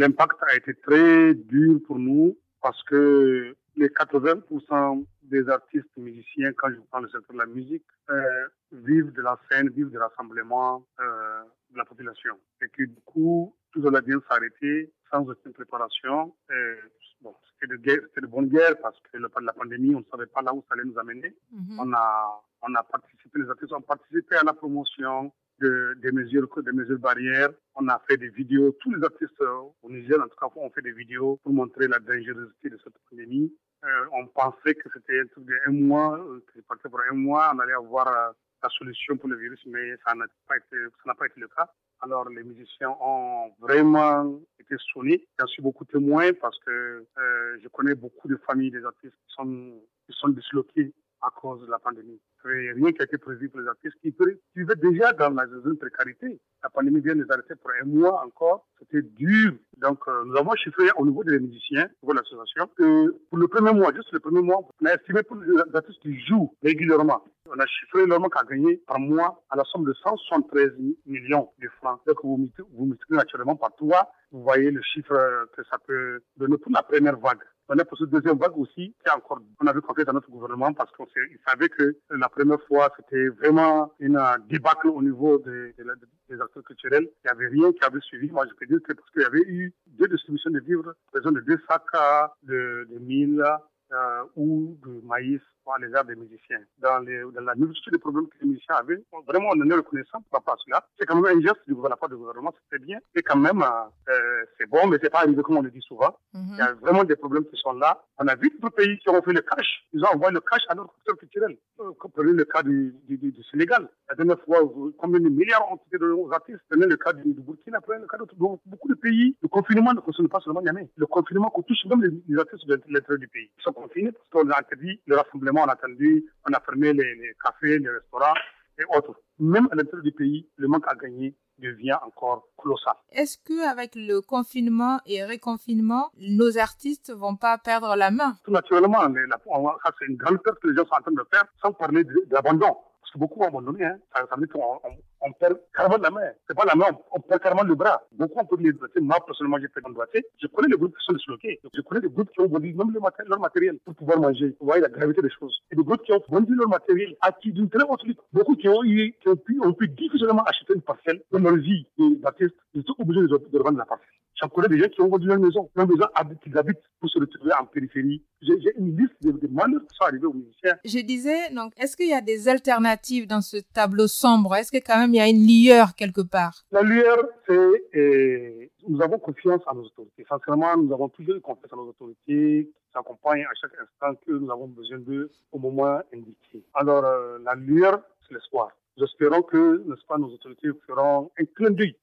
l'impact a été très dur pour nous parce que les 80% des artistes musiciens, quand je parle de secteur de la musique, euh, vivent de la scène, vivent de rassemblement euh, de la population. Et que du coup, tout cela vient s'arrêter sans aucune préparation guerre, c'était de bonne guerre parce que le, la pandémie, on ne savait pas là où ça allait nous amener. Mhm. On a, on a participé, les artistes ont participé à la promotion de, des mesures, des mesures barrières. On a fait des vidéos. Tous les artistes euh, au Niger, en tout cas, ont fait des vidéos pour montrer la dangerosité de cette pandémie. Euh, on pensait que c'était un truc de un mois, euh, que parti pour un mois, on allait avoir la solution pour le virus, mais ça n'a pas été, ça n'a pas été le cas. Alors les musiciens ont vraiment été sonnés. J'en suis beaucoup témoin parce que euh, je connais beaucoup de familles des artistes qui sont, qui sont disloqués à cause de la pandémie. rien qui a été prévu pour les artistes qui vivaient déjà dans la zone de précarité. La pandémie vient de les arrêter pour un mois encore. C'était dur donc, euh, nous avons chiffré au niveau des musiciens, de l'association, que pour le premier mois, juste le premier mois, on a estimé pour les artistes qui jouent régulièrement, on a chiffré leur manque à gagner par mois à la somme de 173 millions de francs. Donc, vous vous multipliez naturellement par trois, vous voyez le chiffre que ça peut donner pour la première vague. On est pour cette deuxième vague aussi, qui encore, on avait confiance à notre gouvernement parce qu'on savait que la première fois, c'était vraiment une débâcle au niveau des, acteurs culturels. Il n'y avait rien qui avait suivi. Moi, je peux dire que parce qu'il y avait eu deux distributions de vivres, gens de deux sacs euh, de, de mille euh, ou de maïs les arts des musiciens. Dans, la multitude des problèmes que les musiciens avaient, vraiment on en est reconnaissant par rapport à cela. C'est quand même un geste du gouvernement, c'est très bien. C'est quand même, euh, euh, c'est bon, mais c'est pas arrivé comme on le dit souvent. Mhm. Il y a vraiment des problèmes qui sont là. On a vu d'autres pays qui ont fait le cash. Ils ont envoyé le cash à notre secteur culturel. Euh, comme prenez le cas du, du, Sénégal. La dernière fois, combien de milliards ont été donnés aux artistes Prenez le cas du, Burkina, prenez le cas d'autres. Beaucoup de pays, le confinement ne concerne pas seulement jamais Le confinement touche même les, artistes de l'intérieur du pays. Ils sont confinés parce qu'on a interdit le rassemblement on a attendu, on a fermé les, cafés, les restaurants et autres. Même à l'intérieur du pays, le manque à gagner devient encore colossal. Est-ce que avec le confinement et réconfinement, nos artistes vont pas perdre la main Tout naturellement, c'est une grande perte que les gens sont en train de faire, sans parler d'abandon. Parce que beaucoup abandonné, hein. ça on perd carrément la main. C'est pas la main, on perd carrément le bras. Beaucoup ont perdu les doigts. Moi, personnellement, j'ai perdu un doigté. Je connais les groupes qui sont disloqués. Je connais les groupes qui ont vendu même leur matériel pour pouvoir manger. Vous voyez la gravité des choses. Et les groupes qui ont vendu leur matériel acquis d'une très haute lutte. Beaucoup qui ont eu, qui ont pu, ont difficilement acheter une parcelle dans leur vie Baptiste Ils sont obligés de, revendre la parcelle. J'en connais des gens qui ont vendu leur maison, des gens qu'ils habitent pour se retrouver en périphérie. J'ai une liste au Je disais, donc, est-ce qu'il y a des alternatives dans ce tableau sombre Est-ce que quand même il y a une lueur quelque part La lueur, c'est euh, nous avons confiance en nos autorités. Sincèrement, nous avons toujours confiance en nos autorités qui s'accompagnent à chaque instant que nous avons besoin d'eux au moment indiqué. Alors, euh, la lueur, c'est l'espoir. Nous que, n'est-ce pas, nos autorités feront un clin d'œil